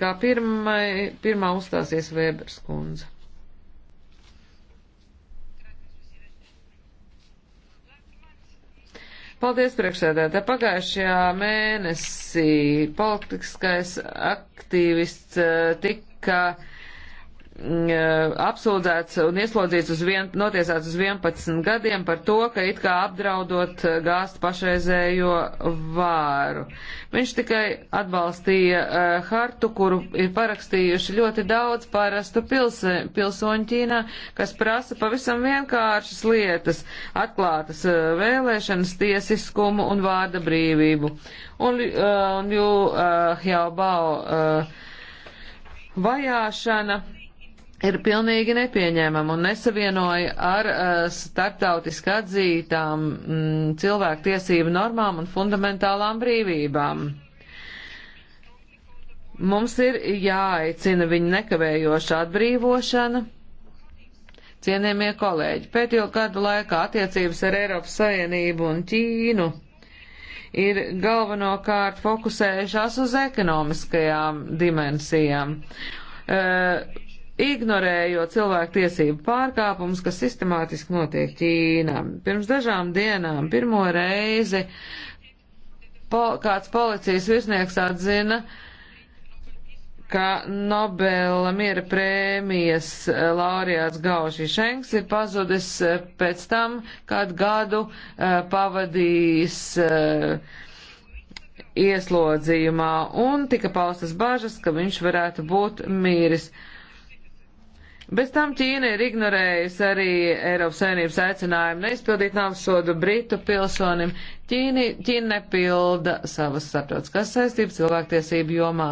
Kā pirmai, pirmā uzstāsies Vēbers kundze. Paldies, priekšsēdētā. Pagājušajā mēnesī politiskais aktīvists eh, tika Mm, e, apsūdzēts un ieslodzīts uz vien, notiesāts uz 11 gadiem par to, ka it kā apdraudot e, gāzt pašreizējo vāru. Viņš tikai atbalstīja uh, hartu, kuru ir parakstījuši ļoti daudz parastu pils, pilsoņu Ķīnā, kas prasa pavisam vienkāršas lietas - atklātas uh, vēlēšanas, tiesiskumu un vārda brīvību. Un, uh, un Jū uh, Jaubau uh, vajāšana ir pilnīgi nepieņēmama un nesavienoja ar uh, starptautiski atzītām mm, cilvēktiesību normām un fundamentālām brīvībām. Mums ir jāaicina viņa nekavējoša atbrīvošana. Cienījamie kolēģi, pēdējo gadu laikā attiecības ar Eiropas Savienību un Ķīnu ir galvenokārt fokusējušās uz ekonomiskajām dimensijām. Uh, ignorējot cilvēku tiesību pārkāpumus, kas sistemātiski notiek Ķīnā. Pirms dažām dienām pirmo reizi pol kāds policijas virsnieks atzina, ka Nobela miera prēmijas eh, laureāts Gauši Šenks ir pazudis eh, pēc tam, kad gadu uh, pavadījis uh, ieslodzījumā un tika paustas bažas, ka viņš varētu būt mīris. Uh, Bez tam Ķīna ir ignorējusi arī Eiropas Savienības aicinājumu neizpildīt navsodu Britu pilsonim. Ķīni, Ķīna nepilda savas starptautiskās saistības cilvēktiesību jomā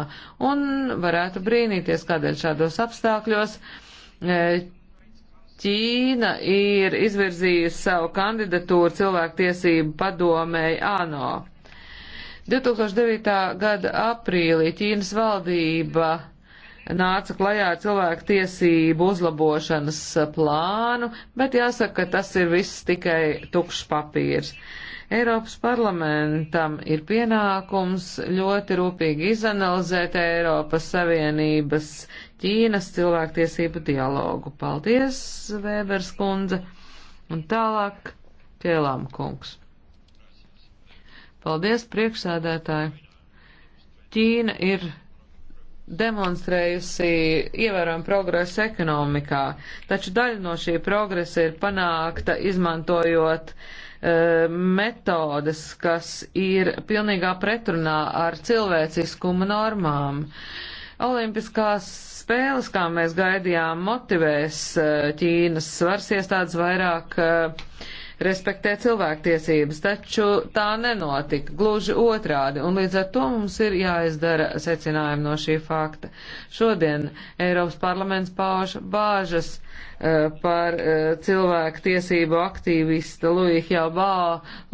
un varētu brīnīties, kādēļ šādos apstākļos e, Ķīna ir izvirzījusi savu kandidatūru cilvēktiesību padomēji ANO. 2009. gada aprīlī Ķīnas valdība nāca klajā ar cilvēku tiesību uzlabošanas eh, plānu, bet jāsaka, ka tas ir viss tikai tukšs papīrs. Eiropas parlamentam ir pienākums ļoti rūpīgi izanalizēt Eiropas Savienības Ķīnas cilvēktiesību dialogu. Paldies, Vēbers kundze, un tālāk Ķēlām kungs. Paldies, priekšsēdētāji. Ķīna ir demonstrējusi ievērojumu progresu ekonomikā, taču daļa no šī progresa ir panākta izmantojot uh, metodes, kas ir pilnīgā pretrunā ar cilvēciskuma normām. Olimpiskās spēles, kā mēs gaidījām, motivēs uh, Ķīnas svars iestādes vairāk uh, respektē cilvēktiesības, taču tā nenotika, gluži otrādi, un līdz ar to mums ir jāizdara secinājumi no šī fakta. Šodien Eiropas parlaments pauž bāžas uh, par uh, cilvēku tiesību aktīvista Luija Hjabā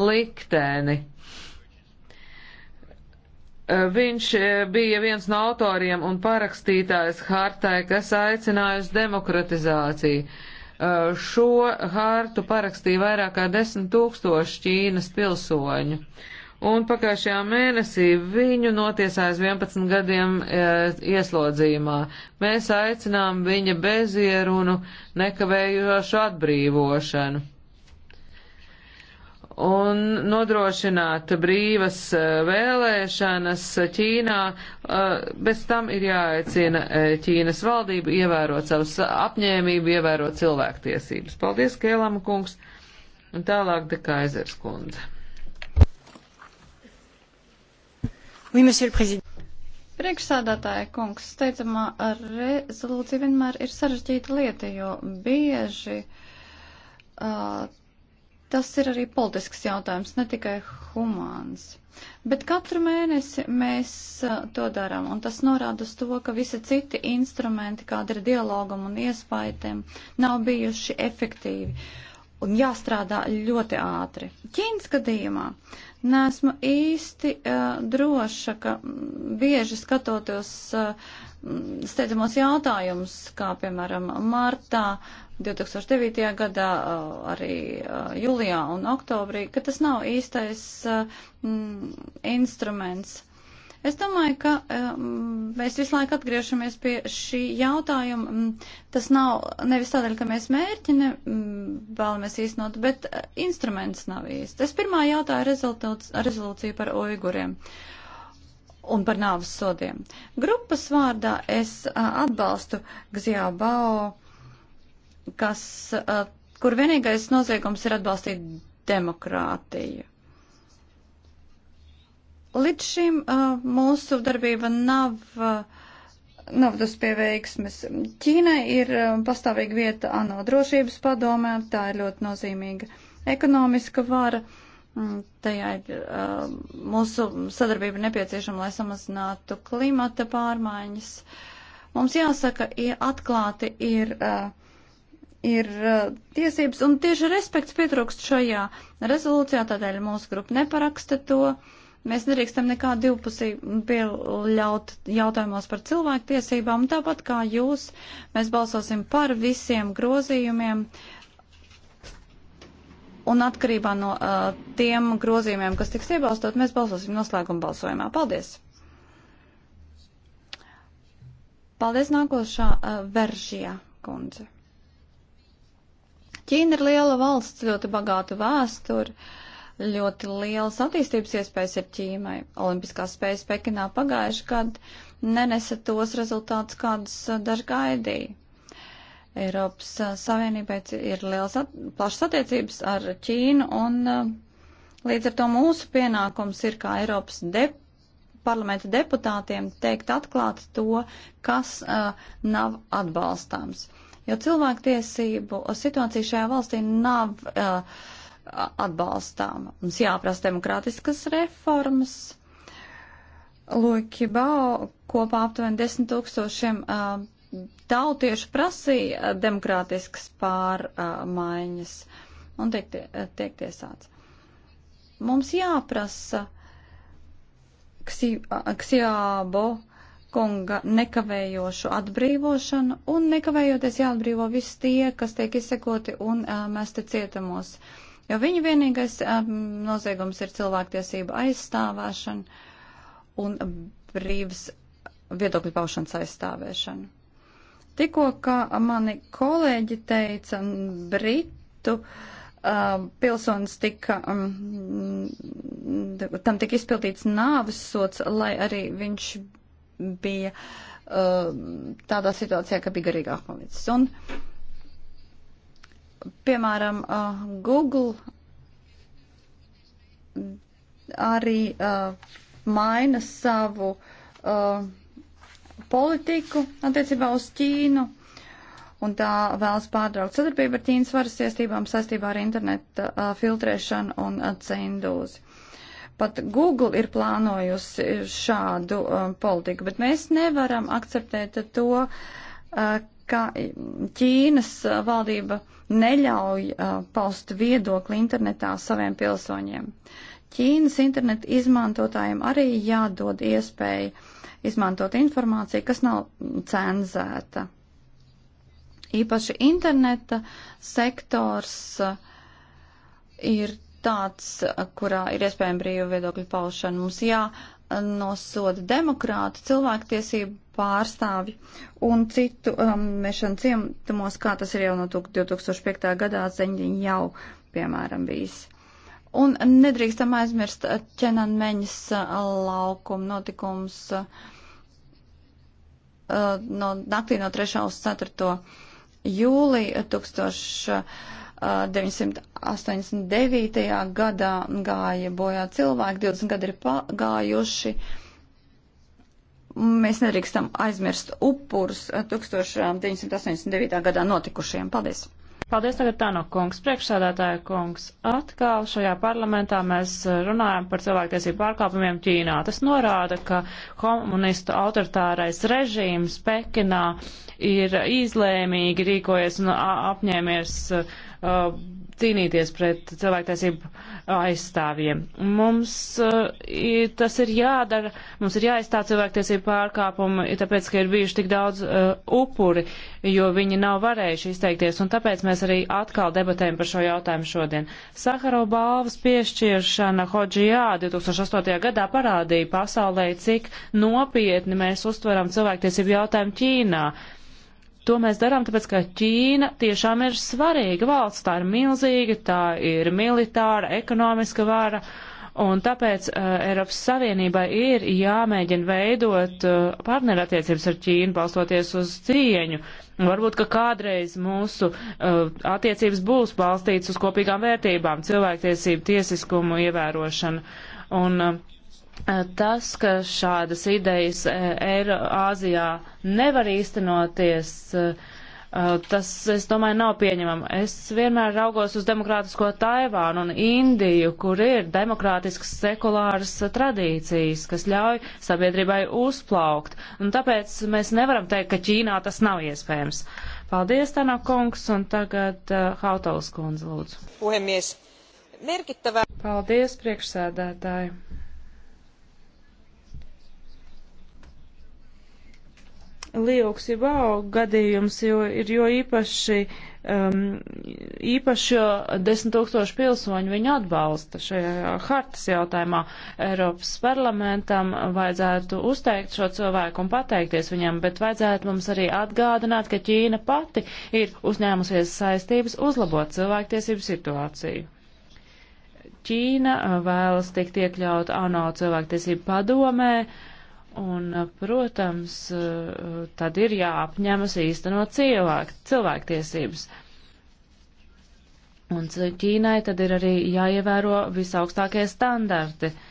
likteni. Eh, viņš bija viens no autoriem un parakstītājs hartai, kas aicināja uz demokratizāciju. Uh, Eh, šo hartu parakstīja vairāk kā desmit tūkstoši Ķīnas pilsoņu. Un pagājušajā mēnesī viņu notiesājas 11 gadiem e, ieslodzījumā. Mēs aicinām viņa bezierunu nekavējošu atbrīvošanu un nodrošināt brīvas eh, vēlēšanas Ķīnā. Eh, bez tam ir jāaicina eh, Ķīnas valdību ievērot savus apņēmību, ievērot cilvēktiesības. Paldies, Kēlama kungs, un tālāk de Kaizers kundze. Oui, Priekšsādātāja kungs, steidzamā rezolūcija vienmēr ir sarežģīta lieta, jo bieži uh, Tas ir arī politisks jautājums, ne tikai humāns. Bet katru mēnesi mēs uh, to darām, un tas norāda uz to, ka visi citi instrumenti, kāda ir dialogam un iespaitēm, nav bijuši efektīvi un jāstrādā ļoti ātri. Ķīnas gadījumā uh, Nesmu īsti uh, droša, ka mm, bieži skatoties uh, mm, steidzamos jautājumus, kā piemēram martā 2009. gadā, uh, arī uh, jūlijā un oktobrī, ka tas nav īstais uh, instruments. Es domāju, ka um, mēs visu laiku atgriežamies pie šī jautājuma. Mm, tas nav nevis tādēļ, ka mēs mērķi ne, um, vēlamies īstenot, bet uh, instruments nav īsts. Es pirmā jautāju rezolūciju par uiguriem un par nāvas sodiem. Grupas vārdā es uh, atbalstu Gziabao, kas, uh, kur vienīgais noziegums ir atbalstīt demokrātiju. Līdz šim uh, mūsu darbība nav, uh, nav tas pie veiksmes. Ķīnai ir uh, pastāvīga vieta ANO drošības padomē, tā ir ļoti nozīmīga ekonomiska vara. Mm, tajā ir uh, mūsu sadarbība nepieciešama, lai samazinātu klimata pārmaiņas. Mums jāsaka, ja atklāti ir. Uh, ir uh, tiesības, un tieši respekts pietrūkst šajā rezolūcijā, tādēļ mūsu grupa neparaksta to. Uh, Mēs nedrīkstam nekā divpusīgi pieļaut jautājumos par cilvēku tiesībām, un tāpat kā jūs, mēs balsosim par visiem grozījumiem. Un atkarībā no uh, tiem grozījumiem, kas tiks iebalstot, mēs balsosim noslēguma balsojumā. Paldies! Paldies nākošā uh, veržijā, kundze. Ķīna ir liela valsts, ļoti bagāta vēsture. Uh, ļoti lielas attīstības iespējas ir Ķīmai. Olimpiskās spējas Pekinā pagājuši gadu nenesa tos rezultātus, kādus uh, daži gaidīja. Eiropas uh, Savienībai ir liels at, plašs attiecības ar Ķīnu un uh, līdz ar to mūsu pienākums ir kā Eiropas deputāti parlamenta deputātiem teikt atklāt to, kas uh, nav atbalstāms. Jo cilvēktiesību situācija šajā valstī nav uh, atbalstām. Mums jāprasa demokrātiskas reformas. Loki Bau kopā aptuveni desmit tūkstošiem tautieši prasīja demokrātiskas pārmaiņas un tiek, tiek tiesāts. Mums jāprasa Ksiābo kunga nekavējošu atbrīvošanu un nekavējoties jāatbrīvo visi tie, kas tiek izsekoti un uh, mesti cietumos. Uh, jo viņu vienīgais um, noziegums ir cilvēktiesība aizstāvēšana un brīvas viedokļu paušanas aizstāvēšana. Tikko, kā mani kolēģi teica, Britu uh, pilsonis tika, um, tam tika izpildīts nāves sots, lai arī viņš bija uh, tādā situācijā, ka bija garīgāk palicis. Un piemēram, uh, Google arī uh, maina savu uh, politiku attiecībā uz Ķīnu, un tā vēlas pārtraukt sadarbību ar Ķīnas varas iestībām saistībā ar interneta uh, filtrēšanu un uh, cenzūzi. Pat Google ir plānojusi šādu uh, politiku, bet mēs nevaram akceptēt to, uh, ka Ķīnas uh, valdība neļauj uh, paust viedokli internetā saviem pilsoņiem. Ķīnas internetu izmantotājiem arī jādod iespēja izmantot informāciju, kas nav cenzēta. Īpaši interneta sektors uh, ir tāds, uh, kurā ir iespējama brīva viedokļa paušana. Mums jānosoda demokrāta cilvēktiesību pārstāvi un citu um, mešanu ciemtumos, kā tas ir jau no 2005. gadā zeņģiņa jau, piemēram, bijis. Un nedrīkstam aizmirst ķenanmeņas uh, laukuma notikums uh, no naktī no 3. uz 4. jūlija 1989. gadā gāja bojā cilvēki, 20 gadi ir pagājuši. Uh, Mēs nedrīkstam aizmirst upurus 1989. gadā notikušiem. Paldies! Paldies tagad Tāno kungs, priekšsādātāja kungs. Atkal šajā parlamentā mēs runājam par cilvēktiesību pārkāpumiem Ķīnā. Tas norāda, ka komunistu autoritārais režīms Pekinā ir izlēmīgi rīkojies un apņēmies uh, cīnīties pret cilvēktiesību aizstāvjiem. Mums uh, tas ir jādara, mums ir jāaizstāv cilvēktiesību pārkāpumi, tāpēc, ka ir bijuši tik daudz uh, upuri, jo viņi nav varējuši izteikties, un tāpēc mēs arī atkal debatējam par šo jautājumu šodien. Sakaro balvas piešķiršana Hodžijā 2008. gadā parādīja pasaulē, cik nopietni mēs uztveram cilvēktiesību jautājumu Ķīnā. Uh, To mēs darām, tāpēc, ka Ķīna tiešām ir svarīga valsts, tā ir milzīga, tā ir militāra, ekonomiska vara, un tāpēc uh, Eiropas Savienībai ir jāmēģina veidot uh, partnerattiecības ar Ķīnu, balstoties uz cieņu. Varbūt, ka kādreiz mūsu uh, attiecības būs balstītas uz kopīgām vērtībām, cilvēktiesību, tiesiskumu ievērošanu. Un, uh, tas, ka šādas idejas e, Eirāzijā nevar īstenoties, e, e, tas, es domāju, nav pieņemama. Es vienmēr raugos uz demokrātisko Taivānu un Indiju, kur ir demokrātiskas sekulāras tradīcijas, kas ļauj sabiedrībai uzplaukt. Un tāpēc mēs nevaram teikt, ka Ķīnā tas nav iespējams. Paldies, Tanā kungs, un tagad uh, Hautalas kundze, lūdzu. Puhemies. Merkittävä. Paldies, priekšsēdētāji. Liuksibau gadījums, jo ir jo īpaši, um, īpaši 10 tūkstoši pilsoņu viņu atbalsta šajā hartas jautājumā. Eiropas parlamentam vajadzētu uzteikt šo cilvēku un pateikties viņam, bet vajadzētu mums arī atgādināt, ka Ķīna pati ir uzņēmusies saistības uzlabot cilvēktiesību situāciju. Ķīna uh, vēlas tikt iekļaut ANO cilvēktiesību padomē, uh, Un, eh, protams, eh, tad ir jāapņemas īstenot cilvēku, cilvēktiesības. Un Ķīnai tad ir arī jāievēro visaugstākie standarti. Uh,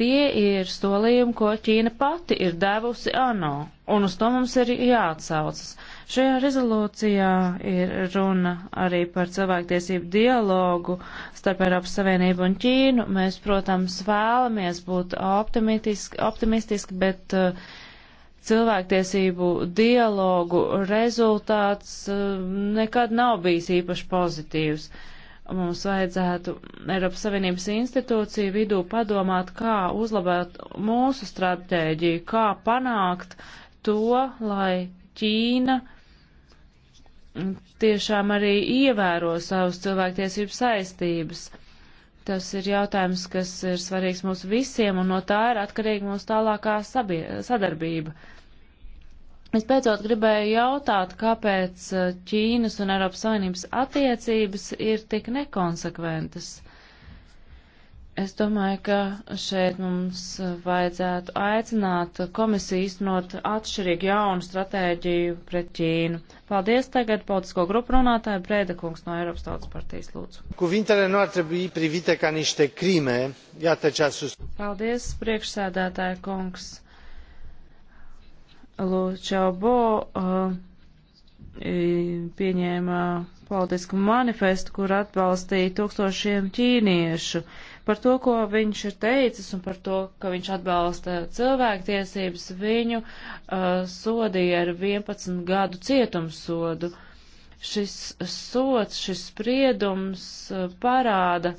Tie ir solījumi, ko Ķīna pati ir devusi ANO, un uz to mums ir jāatsaucas. Šajā rezolūcijā ir runa arī par cilvēktiesību dialogu starp Eiropas Savienību un Ķīnu. Mēs, protams, vēlamies būt optimistiski, optimistiski bet uh, cilvēktiesību dialogu rezultāts uh, nekad nav bijis īpaši pozitīvs. Mums vajadzētu Eiropas Savienības institūciju vidū padomāt, kā uzlabot mūsu stratēģiju, kā panākt to, lai Ķīna tiešām arī ievēro savus cilvēktiesību saistības. Tas ir jautājums, kas ir svarīgs mums visiem, un no tā ir atkarīga mūsu tālākā sabie, sadarbība. Es pēcot gribēju jautāt, kāpēc eh, Ķīnas un Eiropas Savienības attiecības ir tik nekonsekventas. Es domāju, ka šeit mums vajadzētu aicināt komisiju īstenot atšķirīgu jaunu stratēģiju pret Ķīnu. Paldies tagad politisko grupu runātāju Brēda kungs no Eiropas Tautas partijas lūdzu. Cuvintele nu ar trebui privite ca niște crime. Iată ce a sus. Paldies, priekšsēdētāja kungs. Lučābo uh, pieņēma politisku manifestu, kur atbalstīja tūkstošiem ķīniešu par to, ko viņš ir teicis un par to, ka viņš atbalsta cilvēktiesības, viņu uh, sodīja ar 11 gadu cietumsodu. Šis sots, šis spriedums uh, parāda,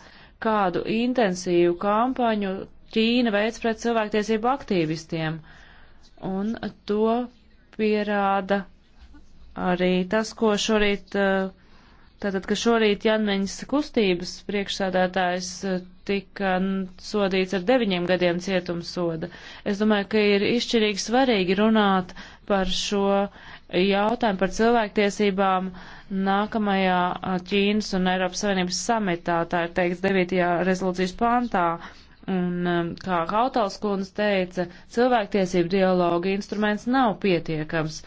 kādu intensīvu kampaņu Ķīna veids pret cilvēktiesību aktīvistiem. Uh, Un to pierāda arī tas, ko šorīt, eh, tātad, ka šorīt Janmeņas kustības priekšsādātājs eh, tika sodīts ar deviņiem gadiem cietumsoda. Es domāju, ka ir izšķirīgi svarīgi runāt par šo jautājumu par cilvēktiesībām nākamajā eh, Ķīnas un Eiropas Savienības samitā, tā ir teikts 9. rezolūcijas pantā. Uh, Un, um, kā Hautals kundze teica, cilvēktiesību dialoga instruments nav pietiekams.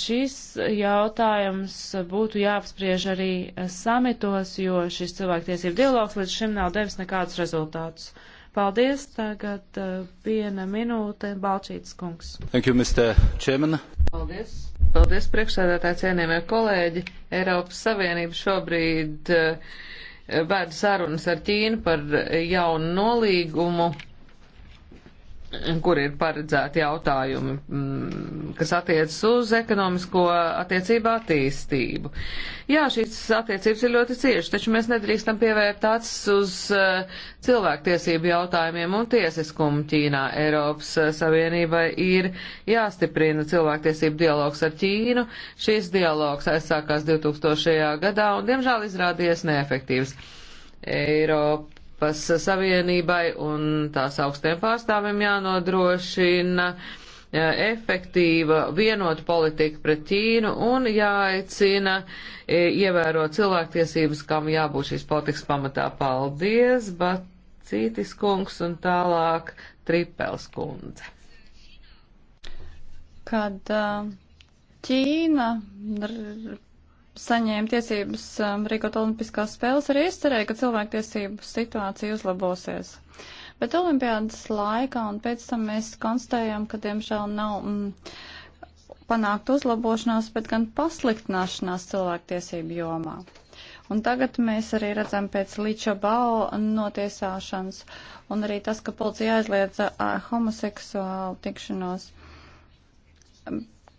Šis jautājums būtu jāapspriež arī samitos, jo šis cilvēktiesību dialogs līdz šim nav devis nekādus rezultātus. Paldies, tagad uh, viena minūte, Balčītis kungs. Thank you, Mr. Chairman. Paldies. Paldies, priekšsēdētāji, cienījamie kolēģi. Eiropas Savienība šobrīd uh, vēd sarunas ar Ķīnu par jaunu nolīgumu kur ir paredzēti jautājumi, mm, kas attiecas uz ekonomisko attiecību attīstību. Jā, šīs attiecības ir ļoti cieši, taču mēs nedrīkstam pievērt acis uz eh, cilvēktiesību jautājumiem un tiesiskumu Ķīnā. Eiropas eh, Savienībai ir jāstiprina cilvēktiesību dialogs ar Ķīnu. Šis dialogs aizsākās 2000. gadā un, diemžēl, izrādījies neefektīvs. Eiropa Eiropas Savienībai un tās augstiem pārstāvim jānodrošina e, efektīva vienota politika pret Ķīnu un jāaicina e, ievērot cilvēktiesības, kam jābūt šīs politikas pamatā. Paldies, Bacītis kungs un tālāk Tripels kundze. Kad Ķīna saņēma tiesības um, rīkot olimpiskās spēles, arī es cerēju, ka cilvēktiesību situācija uzlabosies. Bet olimpiādas laikā un pēc tam mēs konstatējam, ka diemžēl nav mm, panākt uzlabošanās, bet gan pasliktināšanās cilvēktiesību jomā. Un tagad mēs arī redzam pēc Līča Bao notiesāšanas un arī tas, ka policija aizliedza uh, homoseksuālu tikšanos,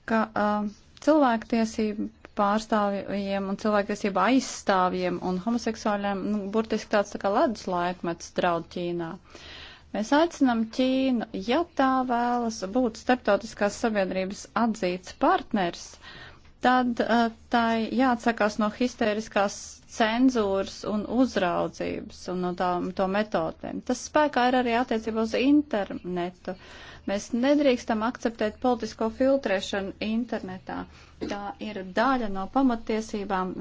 ka uh, cilvēktiesība pārstāvjiem un cilvēktiesību aizstāvjiem un homoseksuāļiem nu, burtiski tāds tā kā ledus laikmets draud Ķīnā. Mēs aicinām Ķīnu, ja tā vēlas būt starptautiskās sabiedrības atzīts partners, uh, tad uh, tai jāatsakās no histēriskās cenzūras un uzraudzības un no tām to metodēm. Tas spēkā ir arī attiecībā uz internetu. Mēs nedrīkstam akceptēt politisko filtrēšanu internetā. Tā ir daļa no pamatiesībām.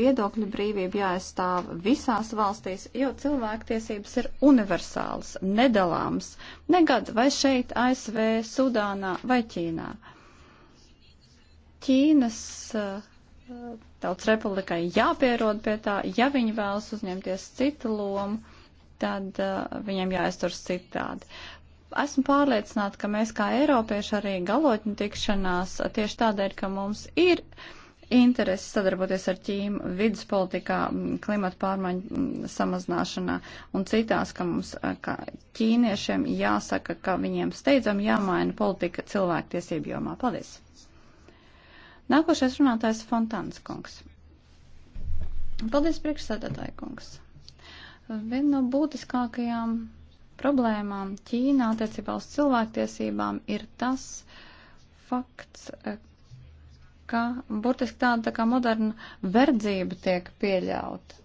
Viedokļu brīvība jāaizstāv visās valstīs, jo cilvēktiesības ir universāls, nedalāms, negad vai šeit, ASV, Sudānā vai Ķīnā. Uh, Ķīnas eh, tautas republikai jāpierod pie tā, ja viņi vēlas uzņemties citu lomu, tad uh, viņiem jāizturas citādi. Esmu pārliecināta, ka mēs kā Eiropieši arī galotņu tikšanās tieši tādēļ, ka mums ir interesi sadarboties ar Ķīmu vidus politikā, klimata pārmaiņu samazināšanā un citās, ka mums, eh, ka ķīniešiem jāsaka, ka viņiem steidzam jāmaina politika cilvēktiesību jomā. Paldies! Nākošais runātājs Fontāns kungs. Paldies, priekšsēdētāji kungs. Viena no būtiskākajām problēmām Ķīnā attiecībā uz cilvēktiesībām ir tas fakts, eh, ka burtiski tāda tā kā moderna verdzība tiek pieļauta.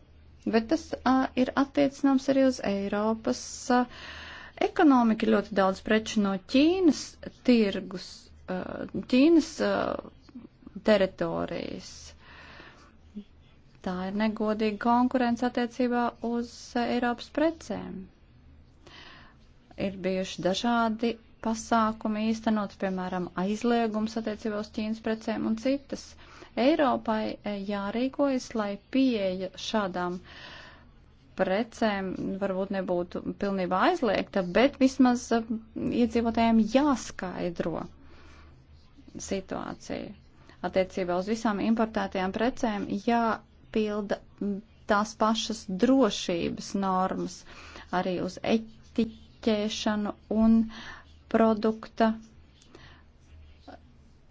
Bet tas uh, ir attiecināms arī uz Eiropas uh, ekonomiku. Ļoti daudz preču no Ķīnas tirgus, uh, Ķīnas uh, teritorijas. Tā ir negodīga konkurence attiecībā uz eh, Eiropas precēm. Ir bijuši dažādi pasākumi īstenot, piemēram, aizliegums attiecībā uz Ķīnas precēm un citas. Eiropai eh, jārīkojas, lai pieeja šādām precēm varbūt nebūtu pilnībā aizliegta, bet vismaz eh, iedzīvotājiem jāskaidro situācija attiecībā uz visām importētajām precēm jāpilda tās pašas drošības normas arī uz etiķēšanu un produkta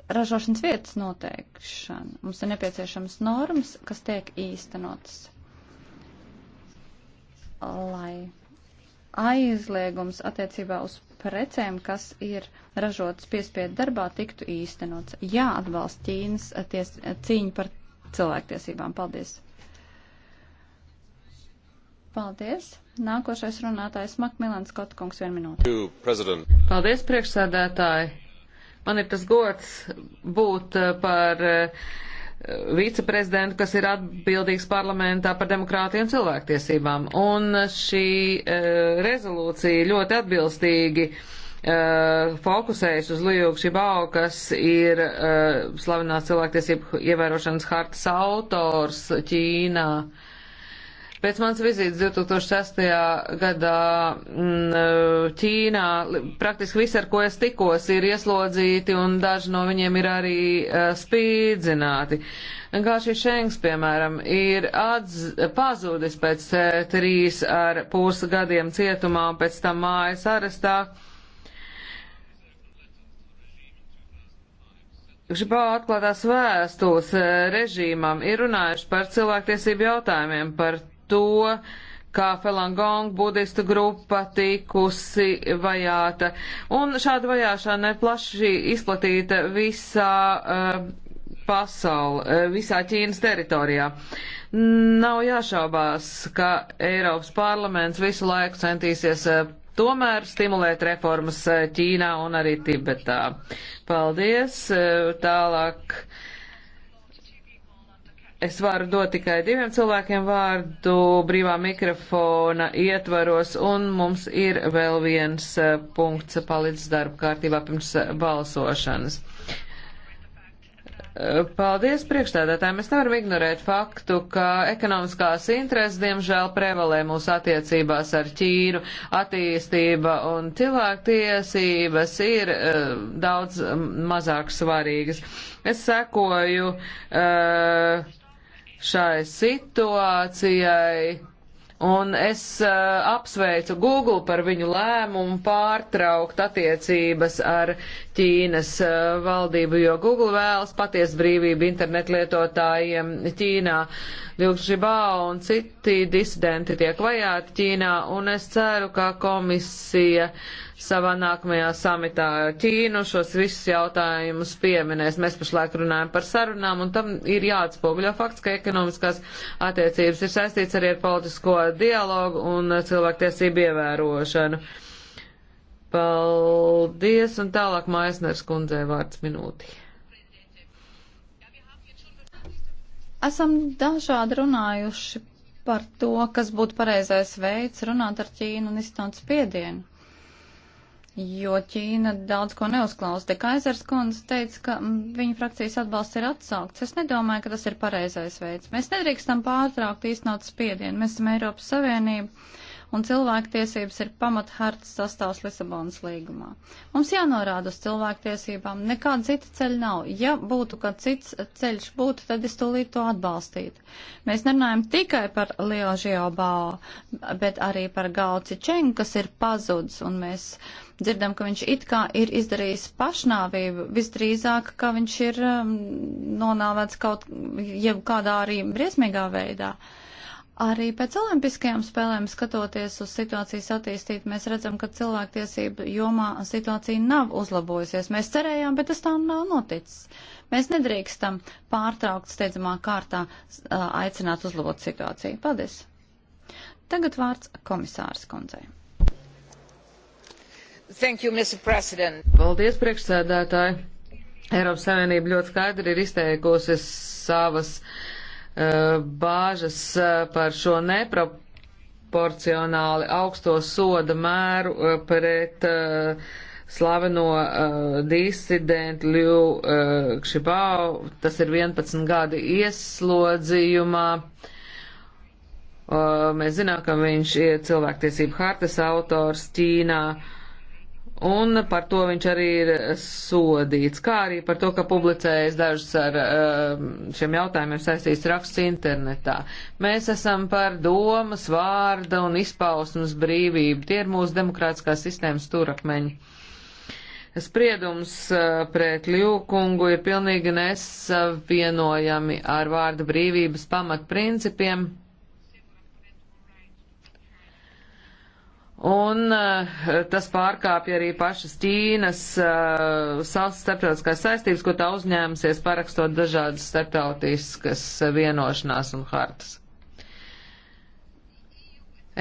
ražošanas vietas noteikšanu. Mums ir nepieciešamas normas, kas tiek īstenotas, lai aizliegums attiecībā uz precēm, kas ir ražotas piespiedu darbā, tiktu īstenots. Jā, atbalsta Ķīnas ties, cīņa par cilvēktiesībām. Paldies! Paldies! Nākošais runātājs Makmilans Kotkungs, vien minūte. Paldies, priekšsēdētāji! Man ir tas gods būt eh, par uh, viceprezidentu, kas ir atbildīgs parlamentā par demokrātiju un cilvēktiesībām. Un šī uh, rezolūcija ļoti atbilstīgi uh, fokusējas uz Lijūku Šibau, kas ir uh, slavinās cilvēktiesību ievērošanas hartas autors Ķīnā. Uh, Pēc mans vizītes 2006. gadā mm, Ķīnā praktiski viss, ar ko es tikos, ir ieslodzīti un daži no viņiem ir arī e, spīdzināti. Gāši Šengs, piemēram, ir atz, pazudis pēc e, trīs ar pus gadiem cietumā un pēc tam mājas arestā. Žibā atklātās vēstules e, režīmam ir runājuši par cilvēktiesību jautājumiem, par to, kā Felangong budistu grupa tikusi vajāta. Un šāda vajāšana ir plaši izplatīta visā uh, eh, pasaulē, eh, visā Ķīnas teritorijā. Nav jāšaubās, ka Eiropas parlaments visu laiku centīsies uh, tomēr stimulēt reformas uh, Ķīnā un arī Tibetā. Paldies! Tālāk. Es varu dot tikai diviem cilvēkiem vārdu brīvā mikrofona ietvaros, un mums ir vēl viens eh, punkts palicis darba kārtībā pirms eh, balsošanas. Eh, paldies priekšstādātājiem. Mēs nevaram ignorēt faktu, ka ekonomiskās intereses, diemžēl, prevalē mūsu attiecībās ar Ķīnu. Attīstība un cilvēktiesības ir uh, daudz mazāk svarīgas. Es sekoju. Uh, šai situācijai. Un es uh, apsveicu Google par viņu lēmumu pārtraukt attiecības ar Ķīnas uh, valdību, jo Google vēlas paties brīvību internetlietotājiem Ķīnā. Ļukšibā un citi disidenti tiek vajāti Ķīnā, un es ceru, ka komisija savā nākamajā samitā ar Ķīnu šos visus jautājumus pieminēs. Mēs pašlaik runājam par sarunām, un tam ir jāatspoguļo fakts, ka ekonomiskās attiecības ir saistīts arī ar politisko dialogu un cilvēktiesību ievērošanu. Paldies, un tālāk Maisners kundzei vārds minūti. Esam dažādi runājuši par to, kas būtu pareizais veids runāt ar Ķīnu un izstāst spiedienu jo Ķīna daudz ko neuzklausa. Te Kaisers kundze teica, ka mm, viņa frakcijas atbalsts ir atsaukts. Es nedomāju, ka tas ir pareizais veids. Mēs nedrīkstam pārtraukt īstenot spiedienu. Mēs esam Eiropas Savienība, un cilvēktiesības ir pamathartas sastāvs Lisabonas līgumā. Mums jānorāda uz cilvēktiesībām. Nekāda cita ceļa nav. Ja būtu kāds cits ceļš būtu, tad es tūlīt to atbalstītu. Mēs nerunājam tikai par Lielžio Bāo, bet arī par Gauci Čenku, kas ir pazudis, un mēs. Uh, dzirdam, ka viņš it kā ir izdarījis pašnāvību, visdrīzāk, ka viņš ir um, nonāvēts kaut jebkādā arī briesmīgā veidā. Arī pēc olimpiskajām spēlēm skatoties uz situācijas attīstīt, mēs redzam, ka cilvēktiesība jomā situācija nav uzlabojusies. Mēs cerējām, bet tas tā nav noticis. Mēs nedrīkstam pārtraukt steidzamā kārtā uh, aicināt uzlabot situāciju. Paldies! Tagad vārds komisārs kundzei. You, Paldies, priekšsēdētāji. Eiropas Savienība ļoti skaidri ir izteikusi savas uh, bāžas uh, par šo neproporcionāli augsto soda mēru uh, pret uh, slaveno uh, disidentu Liu uh, Kšibau. Tas ir 11 gadi ieslodzījumā. Uh, mēs zinām, ka viņš ir cilvēktiesību hartas autors Ķīnā. Uh, un par to viņš arī ir sodīts, kā arī par to, ka publicējas dažus ar um, šiem jautājumiem saistīts raksts internetā. Mēs esam par domas, vārda un izpausmas brīvību. Tie ir mūsu demokrātiskās sistēmas stūrakmeņi. Spriedums uh, pret Ļūkungu ir pilnīgi nesavienojami ar vārda brīvības pamatprincipiem Un eh, tas pārkāpja arī pašas Ķīnas eh, savas starptautiskās saistības, ko tā uzņēmusies parakstot dažādas starptautiskas vienošanās un hartas.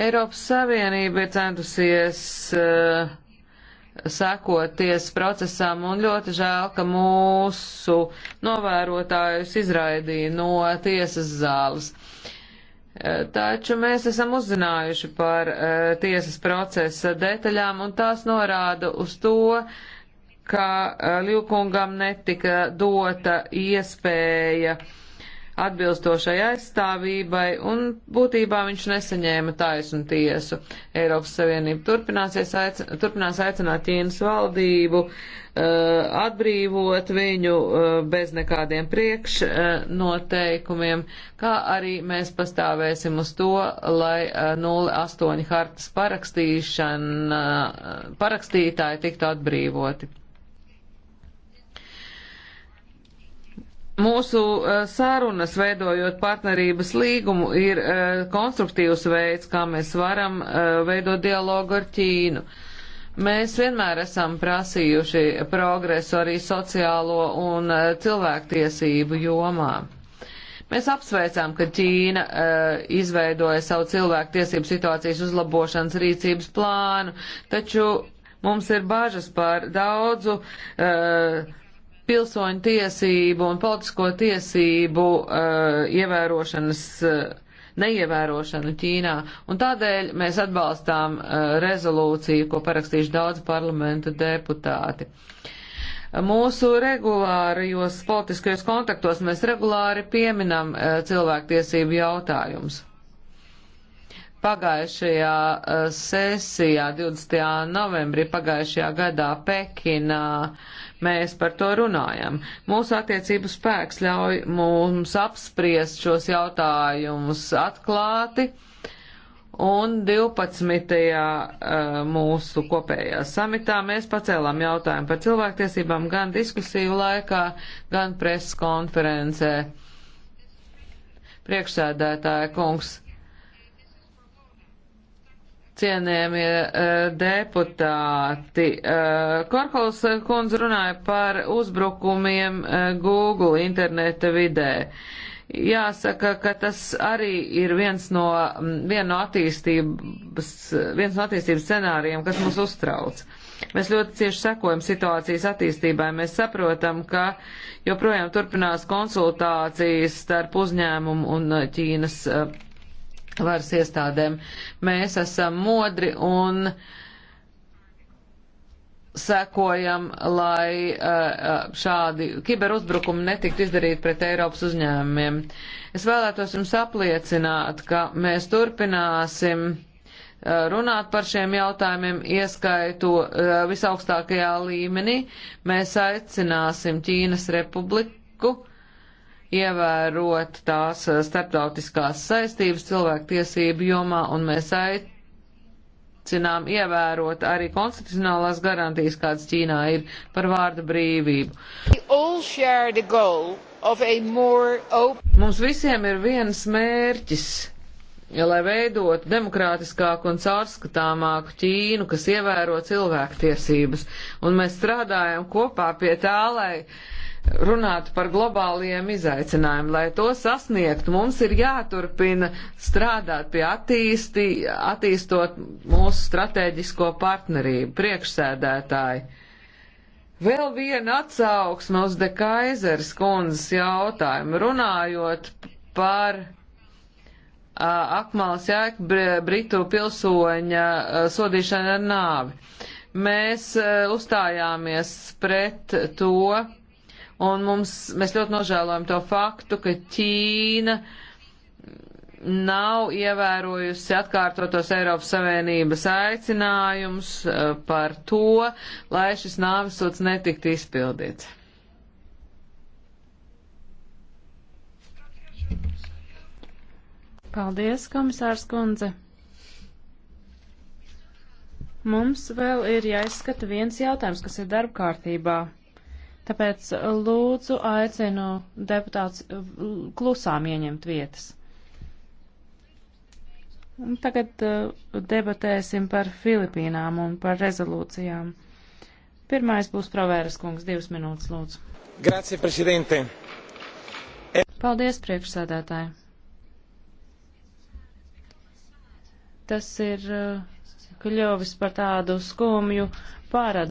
Eiropas Savienība ir centusies uh, eh, sekoties procesam un ļoti žēl, ka mūsu novērotājus izraidīja no tiesas zāles. Uh, Taču mēs esam uzzinājuši par e, tiesas procesa detaļām, un tās norāda uz to, ka Ļukungam e, netika dota iespēja uh, atbilstošai aizstāvībai, un būtībā viņš nesaņēma taisnu tiesu. Eiropas Savienība aic, turpinās aicināt Ķīnas valdību uh, atbrīvot viņu uh, bez nekādiem priekšnoteikumiem, uh, kā arī mēs pastāvēsim uz to, lai 08 uh, hartas uh, parakstītāji tiktu atbrīvoti. Mūsu eh, sarunas, veidojot partnerības līgumu, ir eh, konstruktīvs veids, kā mēs varam eh, veidot dialogu ar Ķīnu. Mēs vienmēr esam prasījuši progresu arī sociālo un cilvēktiesību jomā. Mēs apsveicām, ka Ķīna izveidoja savu cilvēktiesību situācijas uzlabošanas rīcības plānu, taču mums ir bažas par daudzu uh, pilsoņu tiesību un politisko tiesību uh, ievērošanas. Uh, neievērošanu Ķīnā, un tādēļ mēs atbalstām uh, rezolūciju, ko parakstījuši daudz parlamenta deputāti. Mūsu regulārajos politiskajos kontaktos mēs regulāri pieminam uh, cilvēktiesību jautājumus. Pagājušajā uh, sesijā, 20. novembrī pagājušajā gadā Pekinā, mēs par to runājam. Mūsu attiecību spēks ļauj mums apspriest šos jautājumus atklāti. Un 12. Eh, mūsu kopējā samitā mēs pacēlām jautājumu par cilvēktiesībām gan diskusiju laikā, gan preses konferencē. Priekšsēdētāja kungs, Cienējamie uh, deputāti, uh, eh, Korkols kundze runāja par uzbrukumiem uh, Google interneta vidē. Jāsaka, ka tas arī ir viens no, mm, vien no attīstības, viens no attīstības scenārijiem, kas mūs uztrauc. Mēs ļoti cieši sekojam situācijas attīstībai. Mēs saprotam, ka joprojām turpinās konsultācijas starp uzņēmumu un Ķīnas uh, varas iestādēm. Mēs esam modri un sekojam, lai eh, eh, šādi kiberuzbrukumi netiktu izdarīti pret Eiropas uzņēmumiem. Es vēlētos jums apliecināt, ka mēs turpināsim eh, runāt par šiem jautājumiem, ieskaitu visaugstākajā līmenī. Mēs aicināsim Ķīnas republiku ievērot tās eh, starptautiskās saistības cilvēktiesību jomā, un mēs aicinām ievērot arī konstitucionālās garantijas, kādas Ķīnā ir par vārda brīvību. Open... Mums visiem ir viens mērķis. Ja, lai veidotu demokrātiskāku un caurskatāmāku Ķīnu, kas ievēro cilvēktiesības, un mēs strādājam kopā pie tā, lai uh, runātu par globāliem izaicinājumiem. Lai to sasniegtu, mums ir jāturpina strādāt pie attīsti, attīstot mūsu strateģisko partnerību, priekšsēdētāji. Vēl viena atsauksme uz Dekaizers kundzes jautājumu, runājot par uh, Akmāls Jēk Britu pilsoņa uh, sodīšanu ar nāvi. Mēs uh, uzstājāmies pret to, un mums, mēs ļoti nožēlojam to faktu, ka Ķīna nav ievērojusi atkārtotos Eiropas Savienības aicinājums eh, par to, lai šis nāvisots netiktu izpildīts. Paldies, komisārs kundze. Mums vēl ir jāizskata viens jautājums, kas ir darba kārtībā. Tāpēc uh, lūdzu aicinu deputāts uh, klusām ieņemt vietas. Un tagad uh, debatēsim par Filipīnām un par rezolūcijām. Pirmais būs Provēras kungs, divas minūtes lūdzu. Grazie, prezidente. Paldies, priekšsēdētāji. Tas ir kļuvis par tādu skumju pārādu.